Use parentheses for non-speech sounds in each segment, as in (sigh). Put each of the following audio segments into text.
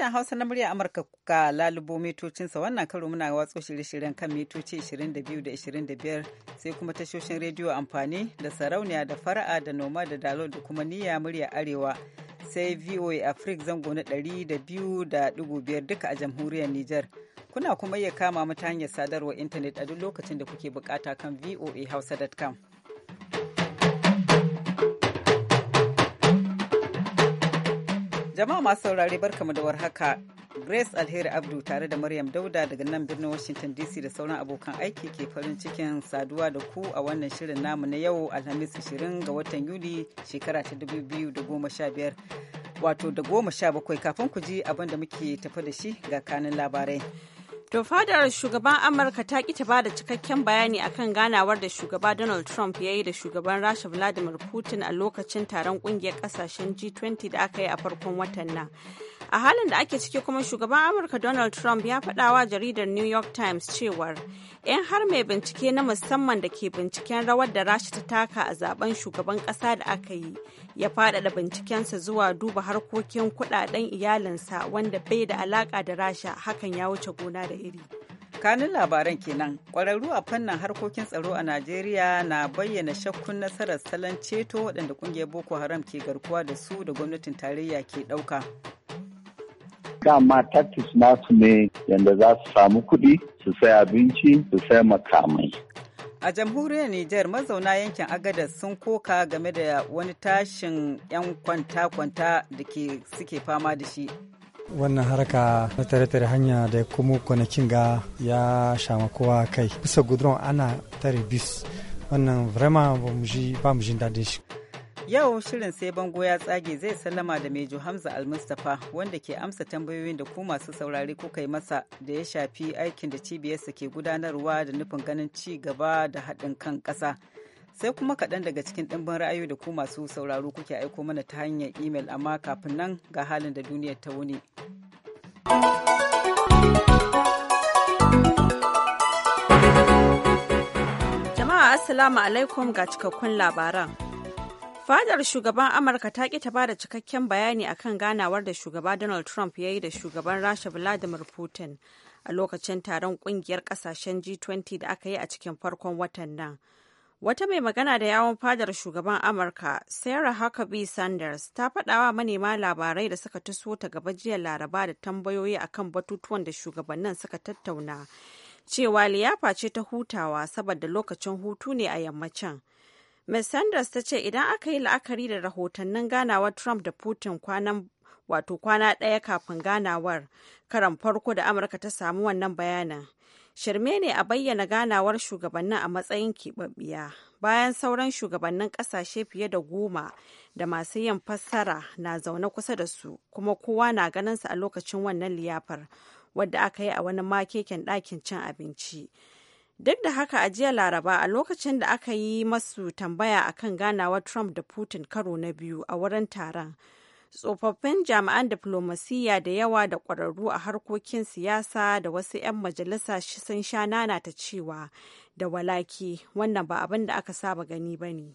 Sashen Hausa na murya Amurka ga lalubo metocinsa wannan karo muna watso shirye-shiryen kan metoci 22 da 25 sai kuma tashoshin rediyo amfani da sarauniya da fara'a da noma da dalo da kuma niyya murya arewa sai VOA Africa zango na 200.5 duka a jamhuriyar Nijar. Kuna kuma iya kama mu ta hanyar sadarwar intanet a duk lokacin da kuke bukata kan voa hausa.com Jama'a masu saurare barkamu da warhaka. Grace Alheri Abdu tare da Maryam Dauda daga nan birnin Washington DC da sauran abokan aiki ke farin cikin saduwa da ku a wannan shirin namu na yau Alhamis 20 ga watan Yuli shekara ta 2015. Wato da goma kafin ku ji abin da muke tafa da shi ga kanin labarai. To fadar shugaban Amurka ta ki ta ba da cikakken bayani akan ganawar da shugaba Donald Trump ya yi da shugaban Rasha Vladimir Putin a lokacin taron ƙungiyar ƙasashen G20 da aka yi a farkon watan nan. a halin da ake ciki kuma shugaban amurka donald trump ya faɗa wa jaridar new york times cewar yan har mai bincike na musamman da ke binciken rawar da rasha ta taka a zaben shugaban ƙasa da aka yi ya faɗaɗa bincikensa zuwa duba harkokin kuɗaɗen iyalinsa wanda bai da alaƙa da rasha hakan ya wuce gona da iri kanin labaran kenan ƙwararru a fannin harkokin tsaro a najeriya na bayyana shakkun nasarar salon ceto waɗanda ƙungiyar boko haram ke garkuwa da su da gwamnatin tarayya ke ɗauka dama taktis nasu ne yadda za su samu kuɗi su sai abinci su sai makamai a jamhuriyar nijar mazauna yankin agadas sun koka game da wani tashin 'yan kwanta-kwanta da suke fama da shi wannan haraka na tare-tare hanya da kuma kwanakin ga ya shama kowa kai bisa gudron ana tare bis wannan vraiment ba mu jin daɗin shi Yau shirin sai bango ya tsage zai sallama da Mejo Hamza al mustapha wanda ke amsa tambayoyin da ku masu saurari kuka yi masa da ya shafi aikin da cibiyarsa ke gudanarwa da nufin ganin ci gaba da haɗin kan ƙasa. Sai kuma kaɗan daga cikin ɗimbin ra'ayoyi da ku masu sauraro kuke aiko mana ta hanyar imel amma kafin nan ga halin da duniyar ta wuni. Jama'a Assalamu alaikum ga cikakkun labaran. Fadar shugaban Amurka ta ƙi ta bada cikakken bayani akan ganawar da shugaba Donald Trump ya yi da shugaban Rasha Vladimir Putin a lokacin taron ƙungiyar ƙasashen G20 da aka yi a cikin farkon watan nan. Wata mai magana da yawon fadar shugaban Amurka, Sarah Huckabee Sanders, ta faɗawa manema labarai da suka taso ta gaba jiya Laraba da tambayoyi akan batutuwan da shugabannin suka tattauna, cewa liyafa ce ta hutawa saboda lokacin hutu ne a yammacin. Ms. Sanders ta ce idan aka yi la'akari da rahotannin ganawar Trump da Putin kwanan wato kwana ɗaya kafin ganawar karan farko da Amurka ta samu wannan bayanin. Shirme ne a bayyana ganawar shugabannin a matsayin keɓaɓɓiya bayan sauran shugabannin ƙasashe fiye da goma da masu yin fassara na zaune kusa da su kuma kowa na ganin a lokacin wannan liyafar wadda aka yi a wani makeken ɗakin cin abinci. Duk da haka a jiya Laraba a lokacin da aka yi masu tambaya akan ganawa Trump da Putin karo na biyu a wurin taron. Tsofaffin jami'an diflomasiyya da yawa da ƙwararru a harkokin siyasa da wasu 'yan majalisa sun sha nana ta cewa da walaki wannan ba abin da aka saba gani ba ne.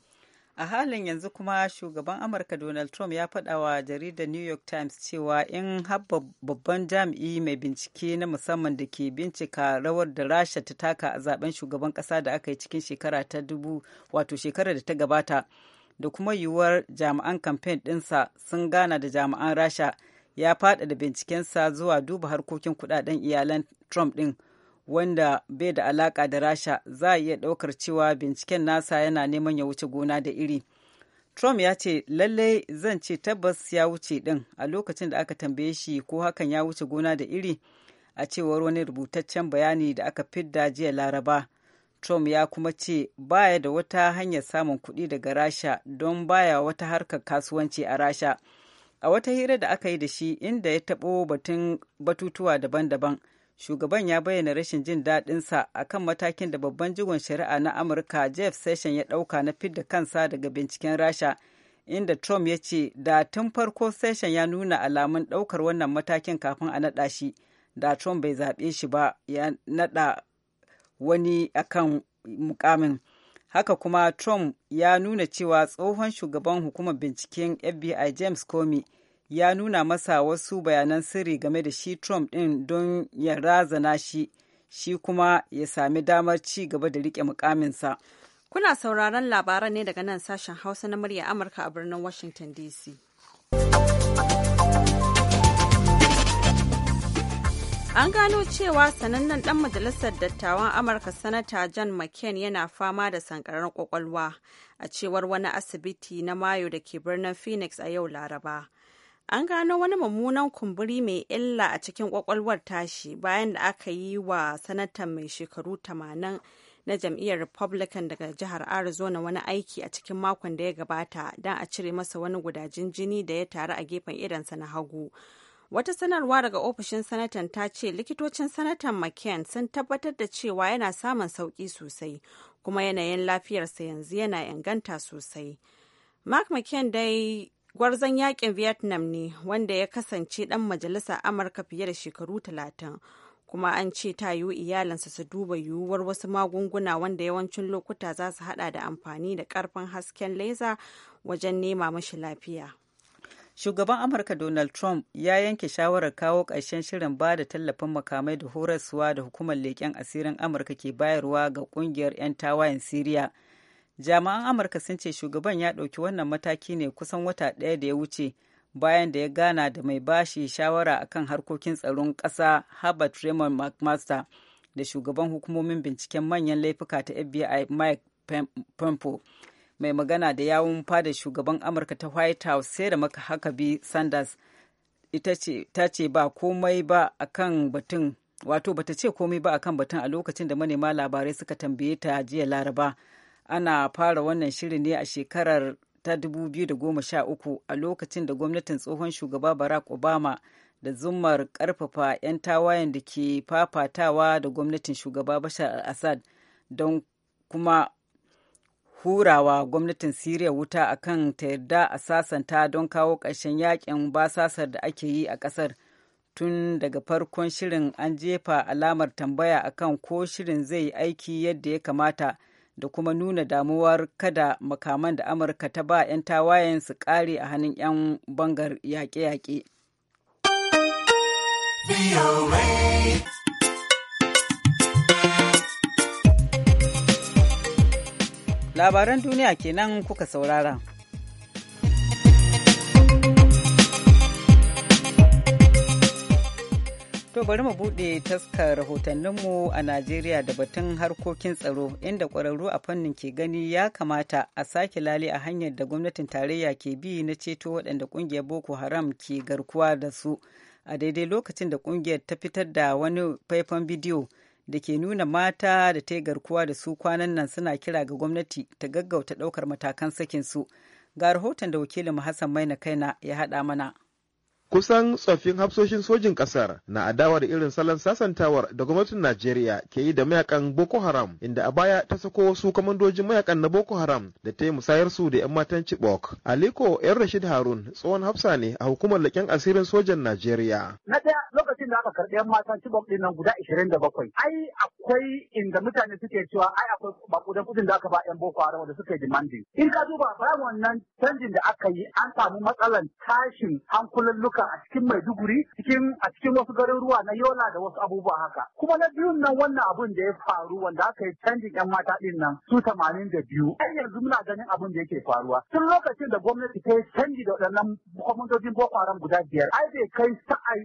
a halin yanzu kuma shugaban amurka donald trump ya faɗa wa jaridar new york times cewa in habba babban jami'i mai bincike na musamman da ke bincika rawar da rasha ta taka a zaben shugaban ƙasa da aka yi cikin shekara ta dubu wato shekarar da ta gabata da kuma yiwuwar jami'an kamfen ɗinsa sun gana da jami'an rasha ya faɗa da bincikensa zuwa duba harkokin kuɗaɗen iyalan trump ɗin wanda bai da alaka da rasha za a iya ɗaukar cewa binciken nasa yana neman ya wuce gona da iri trump ya ce lallai zan ce tabbas ya wuce din a lokacin da aka tambaye shi ko hakan ya wuce gona da iri a cewar wani rubutaccen bayani da aka fidda jiya laraba trump ya kuma ce baya da wata hanyar samun kuɗi daga rasha don baya wata harkar kasuwanci a rasha a wata hira da aka yi da shi inda ya taɓo batun batutuwa daban-daban shugaban ya bayyana rashin jin daɗinsa a kan matakin da babban jigon shari'a na amurka jeff session ya ɗauka na fidda kansa daga binciken rasha inda trump ya ce da tun farko session ya nuna alamun ɗaukar wannan matakin kafin a naɗa shi da trump bai zaɓe shi ba ya naɗa wani akan mukamin haka kuma trump ya nuna cewa tsohon shugaban hukumar binciken fbi james comey ya nuna masa wasu bayanan sirri game da shi Trump ɗin don ya razana shi, shi kuma ya sami damar ci gaba da riƙe mukaminsa. Kuna sauraron labaran ne daga nan sashen Hausa na murya Amurka a birnin Washington DC. An gano cewa sanannen ɗan majalisar dattawan Amurka Sanata John McCain yana fama da sankarar kwakwalwa a cewar wani asibiti na Mayo da ke birnin Phoenix a yau Laraba. an gano wani mummunan kumburi mai illa a cikin kwakwalwar tashi bayan da aka yi wa sanatan mai shekaru 80 na jam'iyyar republican daga jihar arizona wani aiki a cikin makon da ya gabata don a cire masa wani gudajin jini da ya taru a gefen idansa na hagu wata sanarwa daga ofishin sanatan ta ce likitocin sanatan mccain sun tabbatar da cewa yana samun sauki sosai kuma yanayin lafiyarsa yanzu yana inganta sosai mark mccain dai gwarzon yakin vietnam ne wanda ya kasance dan majalisa amurka fiye da shekaru talatin kuma an ce ta yiwu iyalinsa su duba yiwuwar wasu magunguna wanda yawancin lokuta za su hada da amfani da karfin hasken laser wajen nema mashi lafiya shugaban amurka donald trump ya yanke shawarar kawo ƙarshen shirin ba da tallafin makamai da horaswa da hukumar leƙen asirin amurka ke bayarwa ga ƙungiyar 'yan tawayen siriya jami'an amurka sun ce shugaban ya ɗauki wannan mataki ne kusan wata ɗaya da ya wuce bayan da ya gana da mai bashi shawara akan harkokin tsaron ƙasa herbert raymond mcmaster da shugaban hukumomin binciken manyan laifuka ta fbi mike pompeo mai magana da yawun fada shugaban amurka ta white house sai da hakabi sanders ita ce ba komai ba akan batun wato bata ce komai ba akan batun a lokacin da manema labarai suka tambaye ta jiya laraba ana fara wannan shirin ne a shekarar ta 2013 a lokacin da gwamnatin tsohon shugaba barack obama da zumar karfafa 'yan tawayen da ke fafatawa da gwamnatin shugaba bashar al-assad don kuma hurawa gwamnatin siriya wuta akan ta yarda a sasanta don kawo ƙarshen yakin basasar da ake yi a ƙasar tun daga farkon shirin an jefa alamar tambaya akan ko shirin zai aiki yadda ya kamata da kuma nuna damuwar kada makaman da amurka ta ba 'yan tawayen su kare a hannun 'yan bangar yaƙe-yaƙe. labaran duniya kenan kuka saurara. To bari mu buɗe taskar rahotanninmu a Najeriya da batun harkokin tsaro inda ƙwararru a fannin ke gani ya kamata a sake lale a hanyar da gwamnatin tarayya ke bi na ceto waɗanda ƙungiyar Boko Haram ke garkuwa da su a daidai lokacin da ƙungiyar ta fitar da wani faifan bidiyo da ke nuna mata da ta garkuwa da su kwanan nan suna kira ga gwamnati ta gaggauta ɗaukar matakan sakinsu. Ga rahoton da wakilin Hassan Maina Kaina ya haɗa mana. Kusan tsoffin hafsoshin sojin kasar na adawa da irin salon sasantawar da gwamnatin Najeriya ke yi da mayakan Boko Haram inda a baya ta sako wasu kamandojin mayakan na Boko Haram da ta yi musayar su da 'yan matan Chibok. Aliko 'yan Rashid Harun tsohon hafsa ne a hukumar leƙen asirin sojan Najeriya. Na ɗaya lokacin da aka karɓi 'yan matan Chibok ɗin nan guda 27. Ai akwai inda mutane suke cewa ai akwai bakudan kudin da aka ba 'yan Boko Haram da suke yi In ka duba bayan wannan canjin da aka yi an samu matsalan tashin hankulan ƙauyuka a cikin Maiduguri cikin a cikin wasu garuruwa na Yola da wasu abubuwa haka. Kuma na biyun nan wannan abun da ya faru wanda aka yi canjin 'yan mata ɗin nan su tamanin da biyu. Har yanzu muna ganin abun da yake faruwa. Tun lokacin da gwamnati ta yi canji da waɗannan kwamandojin Boko Haram guda biyar. Ai bai kai sa'ai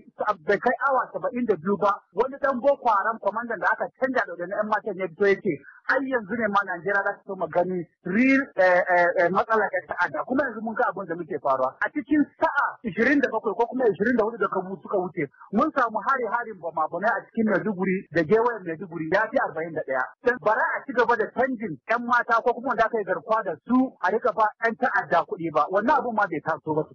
bai kai awa saba'in da biyu ba wani dan Boko Haram kwamandan da aka canja da waɗannan 'yan matan ya fito yake har yanzu ne ma Najeriya za ta so gani real eh, eh, eh, matsala ta ta'adda kuma yanzu mun ga abin da muke faruwa a cikin sa'a 27 ko kuma 24 da kabu suka wuce mun samu hari harin ma bane a cikin Maiduguri da gewayen Maiduguri ya fi 41 dan bara a ci gaba da canjin yan mata ko kuma wanda kai garkuwa da su a rika ba yan ta'adda kuɗi ba wannan abin ma bai taso ba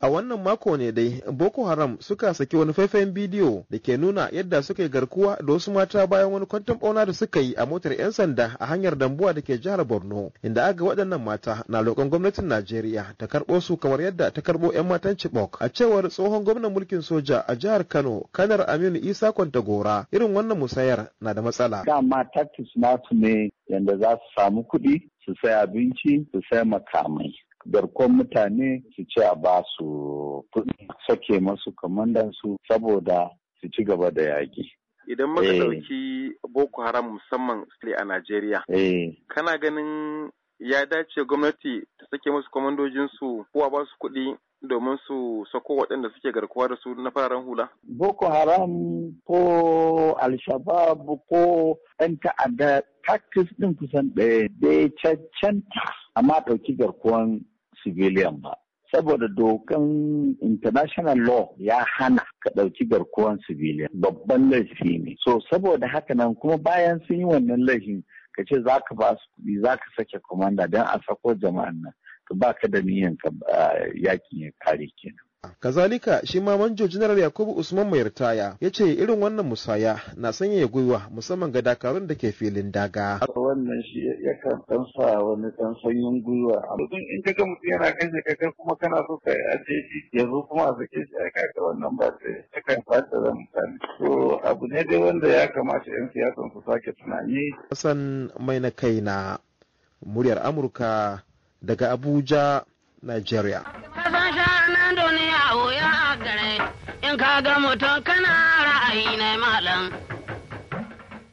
a wannan mako ne dai Boko Haram suka saki wani faifayen bidiyo da ke nuna yadda suka yi garkuwa da wasu mata bayan wani kwantan bauna da suka yi a motar 'yan sanda ta'adda a hanyar Dambuwa da ke jihar Borno inda aka waɗannan mata na lokan gwamnatin Najeriya ta karɓo su kamar yadda ta karɓo 'yan matan Chibok a cewar tsohon gwamnan mulkin soja a jihar Kano Kanar Aminu Isa gora, irin wannan musayar na da matsala. Dama tactics nasu ne yadda za su samu kuɗi su sai abinci su sai makamai. garkon mutane su ce a ba su kuɗi sake masu kamandansu saboda su ci gaba da yaƙi. idan muka eh. ɗauki boko haram musamman a najeriya eh. kana ganin ya dace gwamnati ta sake musu kwamandojinsu su a ba su kuɗi domin su sako waɗanda suke garkuwa da su na fararen hula? Boko Haram ko Al-Shabaab ko ɗan ta'adda tactics ɗin kusan ɗaya bai cancanta amma ɗauki garkuwan civilian ba. saboda dokan international law ya hana ka ɗauki garkuwan civilian babban laifi ne so saboda haka nan kuma bayan sun yi wannan laifin ka ce za ka ba su kuɗi za ka sake kwamanda don a sako jama'an nan ka ba ka da niyan ah, yakin ya kare kenan kazalika shi ma manjo janar yakubu usman mai ritaya ya ce irin wannan musaya na sanyaya gwiwa musamman ga dakarun da ke filin daga wannan shi yakan dan sa wani dan sanyin gwiwa mutum in kaga mutum yana shi kaga kuma kana so ka aje shi zo kuma a sake shi aka ga wannan ba sai kan fata da mutane so abu ne dai wanda ya kamata yan siyasan su sake tunani Hassan mai na kai na muryar Amurka daga Abuja Nigeria. duniya ra'ayi na malam.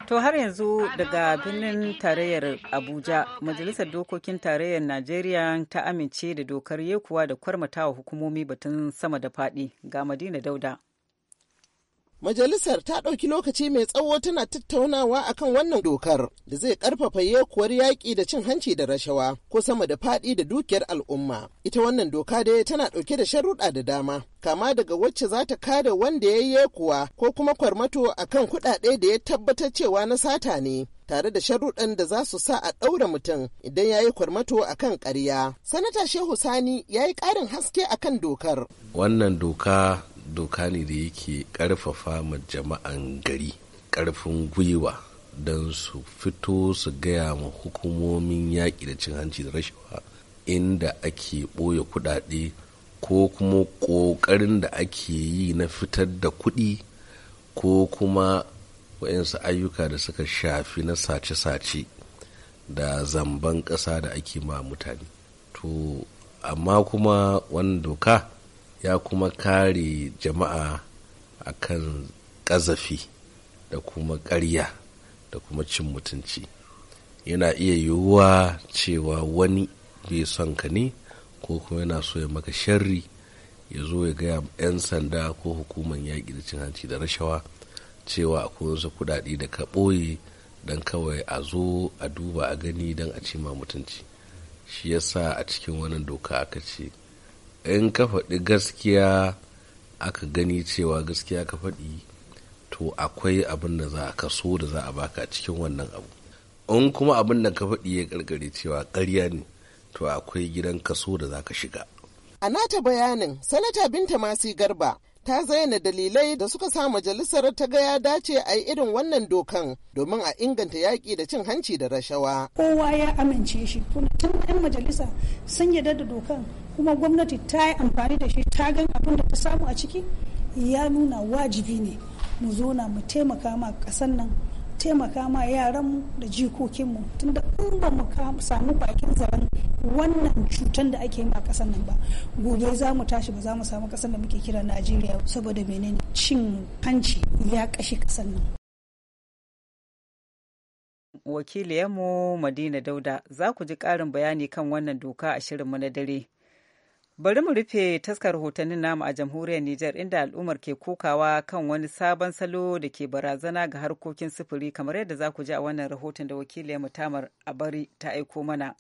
To har yanzu daga birnin tarayyar Abuja, Majalisar Dokokin Tarayyar Najeriya ta amince da dokar yekuwa da kwarmatawa hukumomi batun sama da faɗi ga Madina Dauda. Majalisar ta ɗauki lokaci mai tsawo tana tattaunawa akan wannan dokar da zai ƙarfafa yekuwar yaƙi da cin hanci da rashawa ko sama da faɗi da dukiyar al'umma. Ita wannan doka dai tana ɗauke da sharuɗa da dama. kama daga wacce za ta kada wanda ya yi kuwa ko kuma kwarmato akan kuɗaɗe da ya tabbatar cewa na sata ne tare da sharuɗan da za su sa a ɗaura mutum idan ya yi kwarmato a kan ƙarya. Sanata Shehu Sani ya yi ƙarin haske a kan dokar. Wannan doka doka ne da yake karfafa ma jama'an gari karfin gwiwa don su fito su gaya ma hukumomin yaƙi da cin hanci da rashawa inda ake ɓoye kuɗaɗe ko kuma ƙoƙarin da ake yi na fitar da kuɗi ko kuma waɗansu ayyuka da suka shafi na sace-sace da zamban ƙasa da ake ma mutane to amma kuma wani doka ya kuma kare jama'a a kan ƙazafi da kuma ƙarya da kuma cin mutunci yana iya yiwuwa cewa wani bai son ka ne ko kuma yana so ya maka sharri ya zo ya gaya 'yan sanda ko hukumar yaƙi da cin hanci da rashawa cewa akwai wasu kuɗaɗe da ka ɓoye don kawai a zo a duba a gani don a cima mutunci shi yasa a cikin wannan doka aka ce in ka faɗi gaskiya aka gani cewa gaskiya ka faɗi to akwai abin da za a kaso da za a baka cikin wannan abu in kuma abin da ka faɗi ya ƙarƙare cewa ƙarya ne to akwai gidan kaso da za ka shiga a nata bayanin sanata binta masu garba ta zayyana dalilai da suka sa majalisar ta gaya dace a yi irin wannan dokan domin a inganta yaƙi da cin hanci da rashawa. Kowa ya amince shi tun 'yan majalisa sun yarda da dokan kuma gwamnati ta yi amfani da shi ta gan abin da ta samu a ciki ya nuna wajibi ne mu zo na mu taimaka ma kasan nan taimaka ma yaranmu da jikokinmu tunda in ba mu samu bakin zaren wannan cutar da ake yi a ƙasar nan ba gobe za mu tashi ba za mu samu ƙasar da muke kira najeriya saboda menene cin hanci ya kashe ƙasar nan wakiliyarmu madina dauda za ku ji ƙarin bayani kan wannan doka a shirin mu na dare Bari mu rufe taskar rahotannin namu a jamhuriyar Nijar inda al'ummar ke kokawa kan wani sabon salo da ke barazana ga harkokin sufuri kamar yadda za ku ji a wannan rahoton da wakiliyar mutamar a bari ta aiko mana.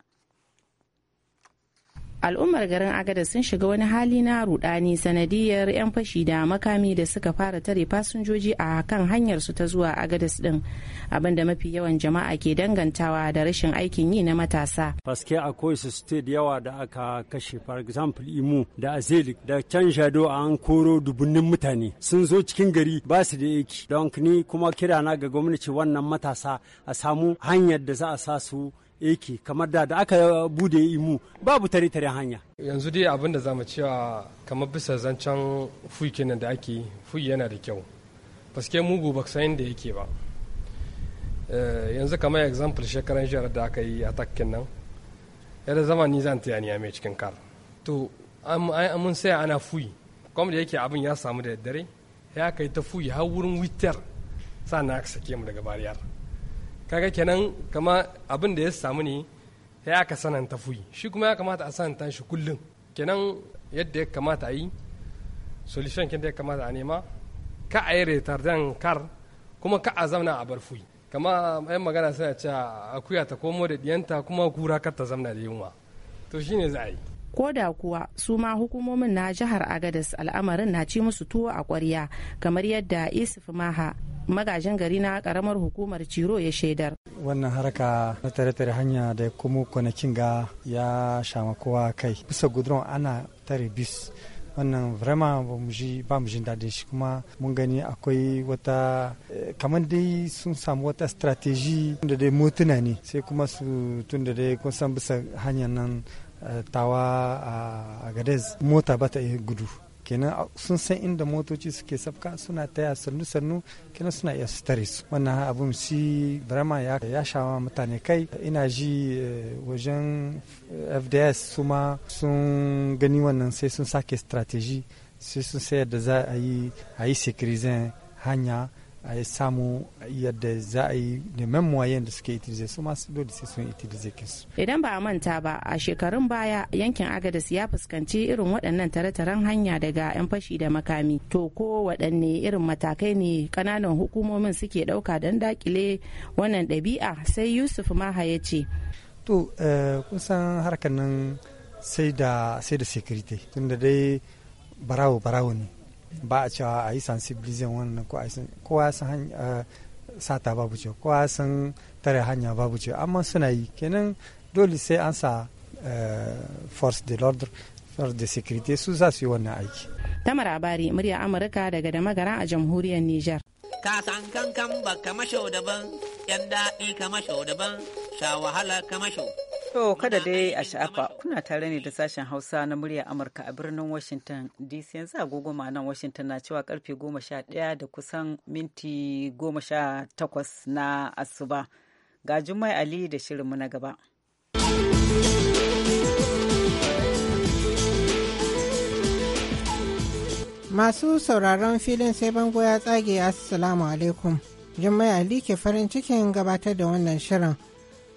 al'ummar garin agada sun shiga wani hali na rudani sanadiyar 'yan fashi da makami da suka fara tare fasinjoji a kan hanyar su ta zuwa agadas din abinda mafi yawan jama'a ke dangantawa da rashin aikin yi na matasa faske akwai su state yawa da aka kashe for example imu da azelik da can shado an koro dubunnin mutane sun zo cikin gari ba su da yaki don ni kuma kirana ga gwamnati wannan matasa a samu hanyar da za a sa su yake kamar da da aka bude imu babu tare tare hanya yanzu dai abin da zamu cewa kamar bisa zancen fuyi kenan da ake fuyi yana da kyau paske mugu ba sayin da yake ba eh, yanzu kamar example shekaran jihar da aka yi attack nan yadda zama ni zan tayani mai cikin kar to mun sai ana fuyi kuma da yake abin ya samu da daddare ya kai ta fuyi har wurin witar sannan aka sake mu daga bariyar kaga kenan kama abin da ya samu ne ya aka sananta fuyi shi kuma ya kamata a sananta shi kullum kenan yadda ya kamata a yi solution kenan ya kamata a nema ka a yi retardan kar kuma ka a zamna a bar fuyi kama yan magana suna cewa akuya ta komo da diyanta kuma kura kar ta zamna da yunwa to shine za a yi ko da kuwa su ma hukumomin na jihar agadas al'amarin na ci musu tuwo a kwarya kamar yadda isuf maha magajin gari na karamar hukumar ciro ya shaidar wannan haraka na tare-tare hanya da kuma kwanakin ga ya shama kowa kai bisa gudron ana tare bis wannan vrema ba mu ji ba mu daɗin shi kuma mun gani akwai wata eh, kamar dai sun samu wata strategy tunda dai motuna ne sai kuma su tunda dai kun san bisa hanyar nan tawa a gadez mota ba ta iya gudu kenan sun san inda motoci suke sabka suna taya sannu sannu kenan suna iya su su wannan abun si barama ya ya shawa mutane kai ina ji eh, wajen fds su ma sun gani wannan sai sun sake strategy sai sun sayar da za a yi a yi hanya a samu yadda za a yi da memoyen da suke itilize su masu dole sai sun itilize kinsu. Idan ba a manta ba a shekarun baya yankin Agadis ya fuskanci irin waɗannan tare-taren hanya daga 'yan fashi da makami. To ko waɗanne irin matakai ne ƙananan hukumomin suke ɗauka don dakile wannan ɗabi'a sai Yusuf Maha ya ce. To eh, kusan harkar nan sai da sai da security tunda dai barawo barawo ne ba a cewa a yi sensibilizin wannan ko a yi kowa san eh, sata babu ce kowa san tare hanya babu ce amma suna yi kenan dole sai an sa eh, force de l'ordre force de sécurité su za su yi wannan aiki tamar abari murya amurka daga da magara a jamhuriyar niger ka san kankan ba kamasho daban yan daɗi kamasho daban sha wahala kamasho To kada dai a sha'afa kuna tare ne da sashen Hausa na murya Amurka a birnin Washington DC yanzu agogo nan Washington na cewa karfe 11 da kusan minti 18 na asuba. Ga Jummai Ali da shirinmu na gaba. Masu sauraron filin sai bango ya tsage Assalamu alaikum. Jummai Ali ke farin cikin gabatar da wannan shirin.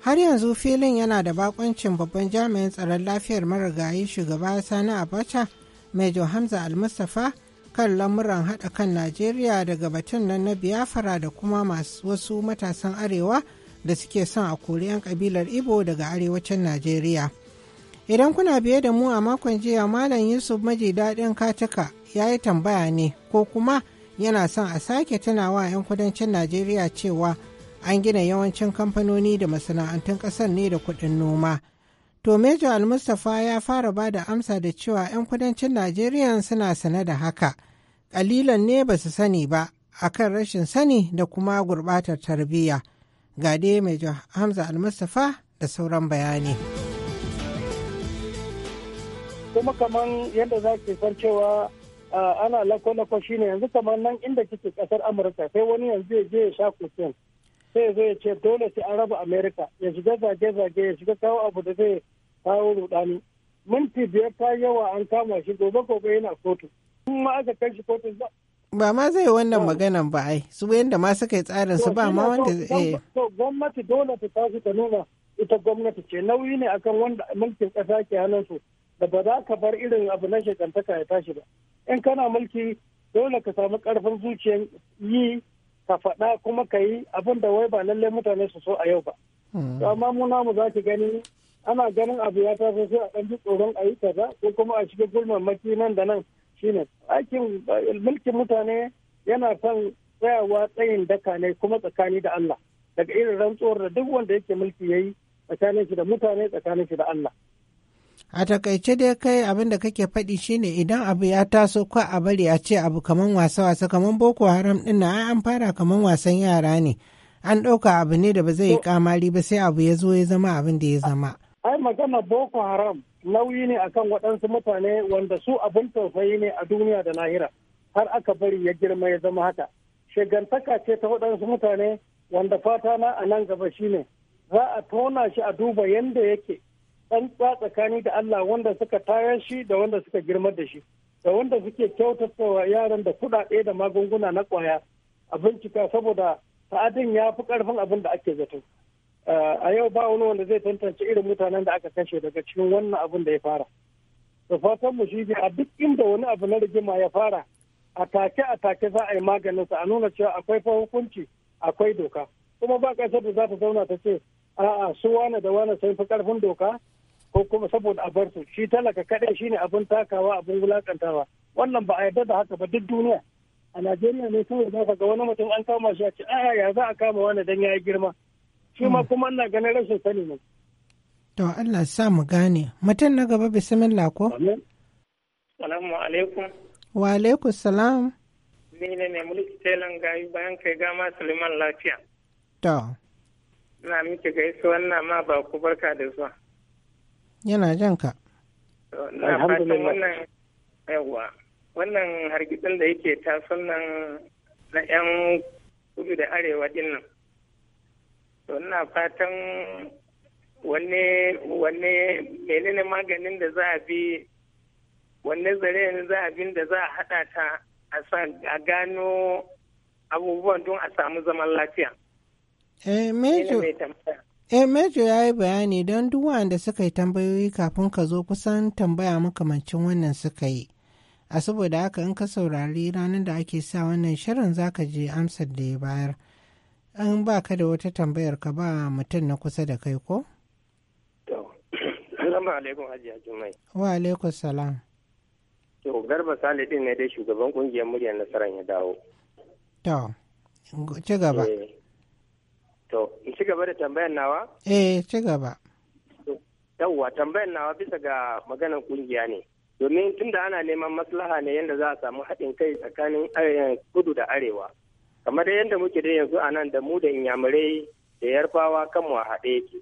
har yanzu filin yana da bakoncin babban jami'in tsaron lafiyar marigayi shugaba sani abacha major hamza almustapha kan lamuran haɗa kan najeriya daga batun nan na biyafara da kuma masu wasu matasan arewa da suke son a kori 'yan kabilar ibo daga arewacin najeriya idan kuna biye da mu a makon jiya malam yusuf maji daɗin katika ya yi tambaya ne ko kuma yana son a sake tunawa 'yan kudancin najeriya cewa an gina yawancin kamfanoni da masana'antun ƙasar ne da kuɗin noma. To Major Al-Mustapha ya fara ba da amsa da cewa 'yan kudancin Najeriya suna sane da haka. Ƙalilan ne ba su sani ba a kan rashin sani da kuma gurɓatar tarbiyya. Gade Major Hamza Al-Mustapha da sauran bayani. kuma kaman yadda za ke san cewa ana lako-lako shine yanzu kamar nan inda kike kasar amurka sai wani yanzu ya je ya sha kusin sai ya ce dole sai an raba america ya shiga zage-zage ya shiga kawo abu da zai kawo rudani minti biyar ta yawa an kama shi gobe gobe yana kotu kuma aka kai shi kotun ba ma zai wannan maganan ba ai su yadda ma suka yi tsarin su ba ma wanda zai eh. gwamnati dole ta tashi ta nuna ita gwamnati ce nauyi ne akan wanda mulkin kasa ke hannun su da ba za ka bar irin abu na shekantaka ya tashi ba in kana mulki dole ka samu karfin zuciyar yi ka faɗa kuma ka yi abin da wai ba lallai mutane su so a yau ba. Hmm. amma mu namu za ki gani ana ganin abu ya taso sai a ɗan ji tsoron a yi kaza ko kuma a shiga maki nan da nan shine aikin eh, mulkin mutane yana son tsayawa tsayin daka ne kuma tsakani da Allah daga irin rantsuwar da duk wanda yake mulki ya yi tsakanin shi da mutane tsakanin shi da Allah a takaice dai kai abin da kake faɗi shine idan abu ya taso kwa a bari a ce abu kaman wasa-wasa kaman boko haram ɗin na an fara kaman wasan yara ne an ɗauka abu ne da ba zai yi kamari ba sai abu ya zo ya zama abin da ya zama. ai magana boko haram nauyi ne akan waɗansu mutane wanda su abin tausayi ne a duniya da lahira har aka bari ya girma ya zama haka shigantaka ce ta waɗansu mutane wanda fata na a nan gaba shine za a tona shi a duba yadda yake ba tsakani da Allah wanda suka tayar shi da wanda suka girma da shi da wanda suke kyautatawa yaran da kuɗaɗe da magunguna na ƙwaya a bincika saboda sa'adin ya fi karfin abin da ake zato a yau ba wani wanda zai tantance irin mutanen da aka kashe daga cikin wannan abin da ya fara da fatan mu shi a duk inda wani abu na rigima ya fara a take a take za a yi maganin sa a nuna cewa akwai fa hukunci akwai doka kuma ba ƙasar da za ta zauna ta ce a'a su wane da wane sun fi ƙarfin doka ko kuma saboda a bar su shi talaka kadai shine abin takawa abin wulakantawa wannan ba a yarda da haka ba duk duniya a Najeriya ne kawai za ka ga wani mutum an kama shi a ce a ya za a kama wani dan ya yi girma shi ma hmm. kuma ina ganin rashin sani ne to Allah sa mu gane mutum na gaba bismillah ko Assalamu alaikum wa alaikum salam ni ne ne mulki telan gayu bayan kai gama Suleiman lafiya to na miki gaisuwa na ma ba ku barka da zuwa yana jan ka na fatan wannan yawa wannan hargitsin da yake tason nan na 'yan kudu da arewa din nan to ina fatan wanne wanne menene maganin da za a bi wanne zare ne za a da za a hada ta a gano abubuwan don a samu zaman lafiya eh mejo Emejo eh, ya yi bayani don duk waɗanda suka yi tambayoyi kafin ka zo kusan tambaya makamancin wannan suka yi. A saboda haka in ka saurari ranar da ake sa wannan shirin zaka je amsar da ya bayar. An ba ka da wata tambayar ka ba mutum na kusa da kai ko? (clears throat) salam. To Garba Sale din ne dai shugaban kungiyar muryar nasarar ya dawo. ci gaba. Eh, To, in ci gaba da tambayar nawa? Eh, ci gaba. Yawwa, tambayar nawa bisa ga maganar kungiya ne. Domin tunda ana neman maslaha ne yadda za a samu haɗin kai tsakanin eh, kudu da arewa. Kamar yadda muke da yanzu a nan da mu da inyamurai da yarbawa kanmu a haɗe yake.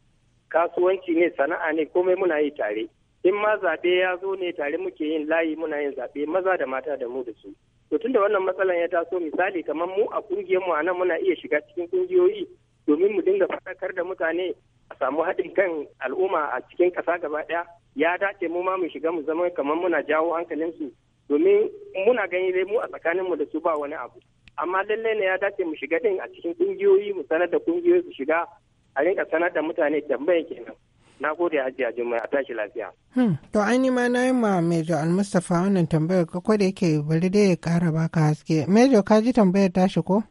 Kasuwanci ne, sana'a ne, komai muna yi tare. In ma zaɓe ya zo ne tare muke yin layi muna yin zaɓe maza da mata da mu da su. To tunda wannan matsalar ya taso misali kamar mu a ƙungiyarmu a nan muna iya shiga cikin kungiyoyi domin mu dinga faɗakar da mutane a samu haɗin kan al'umma a cikin ƙasa gaba ɗaya ya dace mu ma mu shiga mu zama kamar muna jawo hankalin su domin muna gani dai mu a tsakaninmu da su ba wani abu amma lallai ne ya dace mu shiga ɗin a cikin kungiyoyi mu sanar da kungiyoyi su shiga a rinka sanar da mutane tambayan kenan na gode jiya jummai a tashi lafiya. Hmm. to an ma na yi ma mejo almustapha wannan tambayar kakwai da yake bari dai ya kara baka haske mejo ka ji tambayar tashi ko.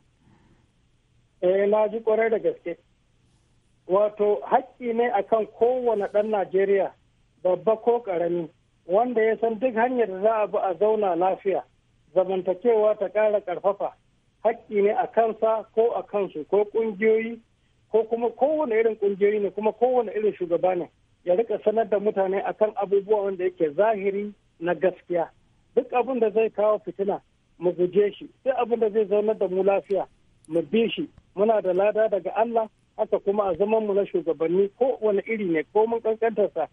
eh na ji kwarai da gaske wato haƙƙi ne akan kowane ɗan najeriya babba ko ƙarami wanda ya san duk hanyar da za a bi a zauna lafiya zamantakewa ta ƙara ƙarfafa haƙƙi ne a kansa ko a kansu ko ƙungiyoyi ko kuma kowane irin ƙungiyoyi ne kuma kowane irin shugaba ne ya rika sanar da mutane akan abubuwa wanda yake zahiri na gaskiya duk abin da zai kawo fitina mu guje shi duk abin da zai zaunar da mu lafiya mu bi shi muna da lada daga Allah haka kuma a zaman mu na shugabanni ko wani iri ne ko mun kankantarsa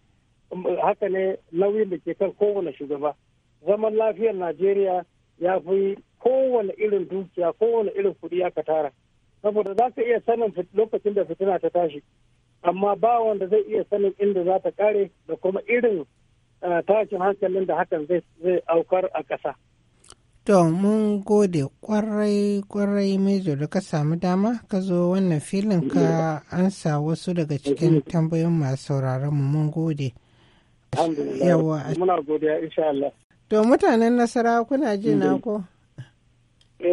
um, haka ne nauyin da ke kan kowane shugaba zaman lafiyar Najeriya ya fi kowane irin dukiya kowane irin kuɗi ya katara saboda za ka iya sanin lokacin da fitina ta tashi amma ba wanda zai iya sanin inda za ta kare da kuma irin eh, tashin hankalin da hakan zai aukar a ƙasa. To mun gode kwarai kwarai mejo da ka samu dama ka zo wannan filin ka ansa wasu daga cikin tambayoyin masu sauraron mu mun gode. Yawa. Muna godiya insha Allah. To mutanen nasara kuna ji na ko? Eh,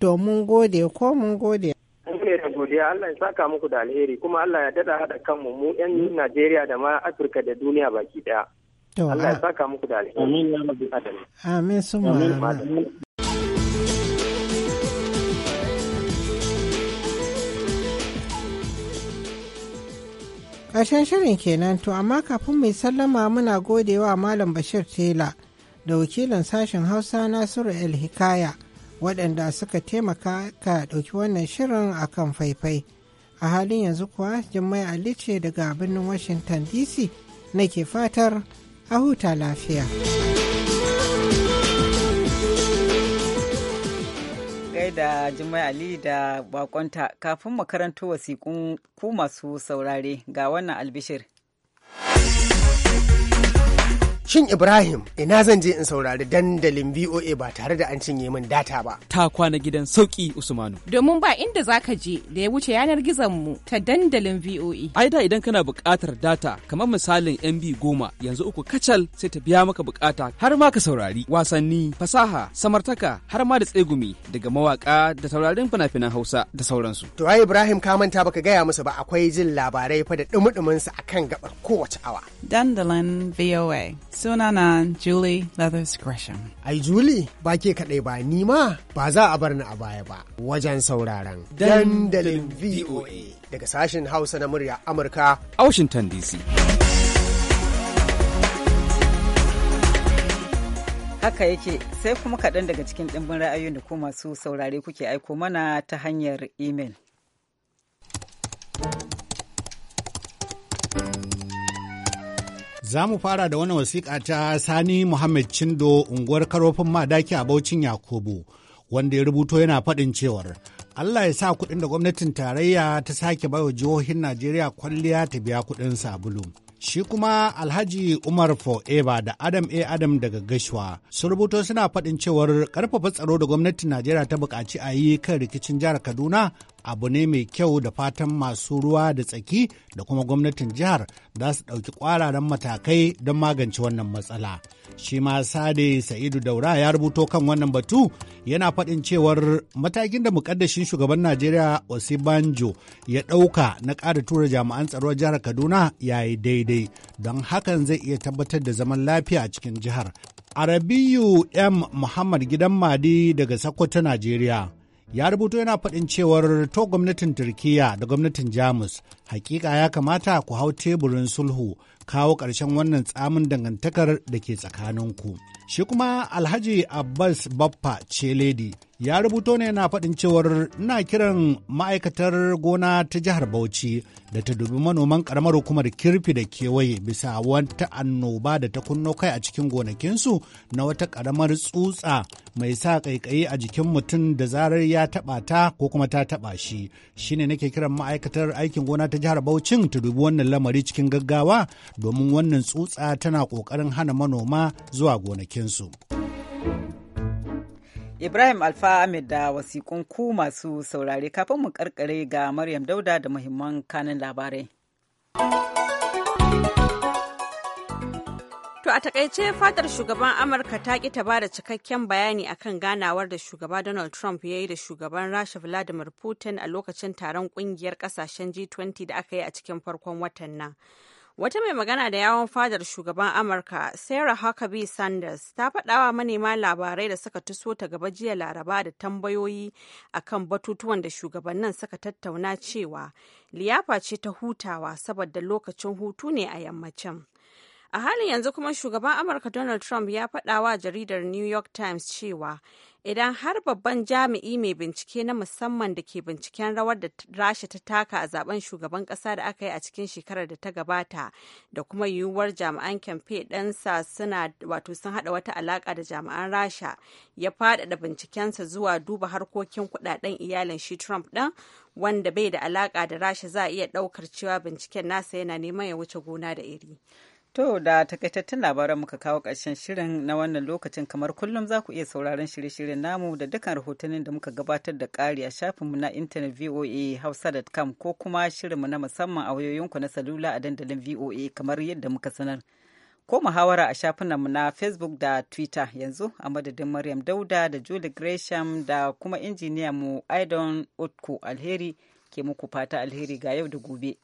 to mun gode ko mun gode. da godiya Allah ya saka muku da alheri kuma Allah ya dada haɗa kanmu mu 'yan Najeriya da ma Afirka da duniya baki ɗaya. Allah shirin kenan to amma kafin mai sallama muna godewa Malam Bashir Tela da wakilin sashen Hausa Nasiru El Hikaya waɗanda suka taimaka ka ɗauki wannan shirin a kan faifai. A halin yanzu kuwa Jummai Ali ce daga birnin Washington DC nake fatar a huta lafiya. da Jummai Ali da bakonta kafin makarantu wasiƙun ku masu saurare ga wannan albishir. Shin Ibrahim ina zan je in saurari dandalin VOA ba tare da an cinye min data ba. Ta kwana gidan sauki Usmanu. Domin ba inda zaka je da ya wuce yanar gizonmu ta dandalin VOA. Ai da idan kana buƙatar data kamar misalin MB goma yanzu uku kacal sai ta biya maka buƙata har ma ka saurari wasanni, fasaha, samartaka har ma da tsegumi daga mawaka da taurarin fina-finan Hausa da sauransu. To ai Ibrahim ka manta baka gaya musu ba akwai jin labarai fa da dumudumin su akan gabar kowace awa. Dandalin VOA. Sunana Julie Leathers Gresham. Ai Julie ba ke kaɗai ba ni ma ba za a bar ni a baya ba wajen sauraron dandalin VOA daga sashen Hausa na murya Amurka a Washington DC. Haka yake sai kuma kaɗan daga cikin ɗimbin ra'ayoyin da ku masu saurare kuke aiko mana ta hanyar imel. Za mu fara da wani wasiƙa ta Sani Muhammad Cindo, unguwar karofin madaki a Baucin Yakubu, wanda ya rubuto yana faɗin cewar Allah ya sa kuɗin da gwamnatin tarayya ta sake baiwa jihohin Najeriya kwalliya ta biya kuɗin sabulu. Shi kuma Alhaji Umar Fo'eba da Adam A. Adam daga Gashwa sun rubuto suna faɗin cewar ƙarfafa tsaro da gwamnatin Najeriya ta buƙaci a yi kan rikicin jihar Kaduna abu ne mai kyau da fatan masu ruwa da tsaki da kuma gwamnatin jihar za su ɗauki ƙwararen matakai don magance wannan matsala. Shi ma Sade Sa'idu Daura ya rubuto kan wannan batu yana faɗin cewar matakin da muƙaddashin shugaban Najeriya Osibanjo ya ɗauka na ƙara tura jami'an tsaro jihar Kaduna ya yi daidai don hakan zai iya tabbatar da zaman lafiya a cikin jihar. Arabiyu M. Muhammad Gidan Madi daga Sokoto, Najeriya. ya rubuto yana faɗin cewar to gwamnatin turkiya da gwamnatin jamus hakika ya kamata ku hau teburin sulhu kawo ƙarshen wannan tsamin dangantakar da ke tsakaninku shi kuma alhaji abbas baffa ce ledi ya rubuto ne na faɗin cewar ina kiran ma'aikatar gona ta jihar Bauchi da ta dubi manoman ƙaramar hukumar kirfi da kewaye bisa wata annoba da ta kunno kai a cikin gonakinsu na wata ƙaramar tsutsa mai sa ƙaiƙayi a jikin mutum da zarar ya taɓa ta ko kuma ta taɓa shi shine nake kiran ma'aikatar aikin gona ta jihar Bauchin ta dubi wannan lamari cikin gaggawa domin wannan tsutsa tana ƙoƙarin hana manoma zuwa gonakinsu. Ibrahim Alfa Ahmed da wasiƙun ku masu saurare kafin mu karkare ga Maryam Dauda da muhimman kanin labarai. To a takaice fadar shugaban Amurka ta ki ta ba da cikakken bayani akan ganawar da shugaba Donald Trump ya yi da shugaban Rasha Vladimir Putin a lokacin taron ƙungiyar ƙasashen G20 da aka yi a cikin farkon watan nan. Wata mai magana da yawon fadar shugaban Amurka, Sarah Huckabee Sanders, ta faɗawa manema labarai da suka tuso ta gaba jiya Laraba da tambayoyi akan batutuwan da shugabannin suka tattauna cewa liyafa ce ta hutawa saboda lokacin hutu ne a yammacin. A halin yanzu kuma shugaban Amurka Donald Trump ya faɗa jaridar New York Times cewa idan har babban jami'i mai bincike na musamman da ke binciken rawar da rasha ta taka a zaben shugaban kasa da aka yi a cikin shekarar da ta gabata da kuma yiwuwar jami'an kyamfe ɗansa suna wato sun haɗa wata alaka da jami'an rasha ya faɗaɗa bincikensa zuwa duba harkokin kuɗaɗen iyalin shi trump ɗin wanda bai da alaƙa da rasha za a iya ɗaukar cewa binciken nasa yana neman ya wuce gona da iri To da takaitattun labaran muka kawo ƙarshen shirin na wannan lokacin kamar kullum za ku iya sauraron shirye-shiryen namu da dukkan rahotannin da muka gabatar da ƙari a shafinmu na intanet voa hausa.com ko kuma shirinmu na musamman a wayoyinku na salula a dandalin voa kamar yadda muka sanar. Ko muhawara a shafinanmu na Facebook da Twitter yanzu a madadin Maryam Dauda da Julie Gresham da kuma injiniyanmu Aidon Otku Alheri ke muku fata alheri ga yau da gobe.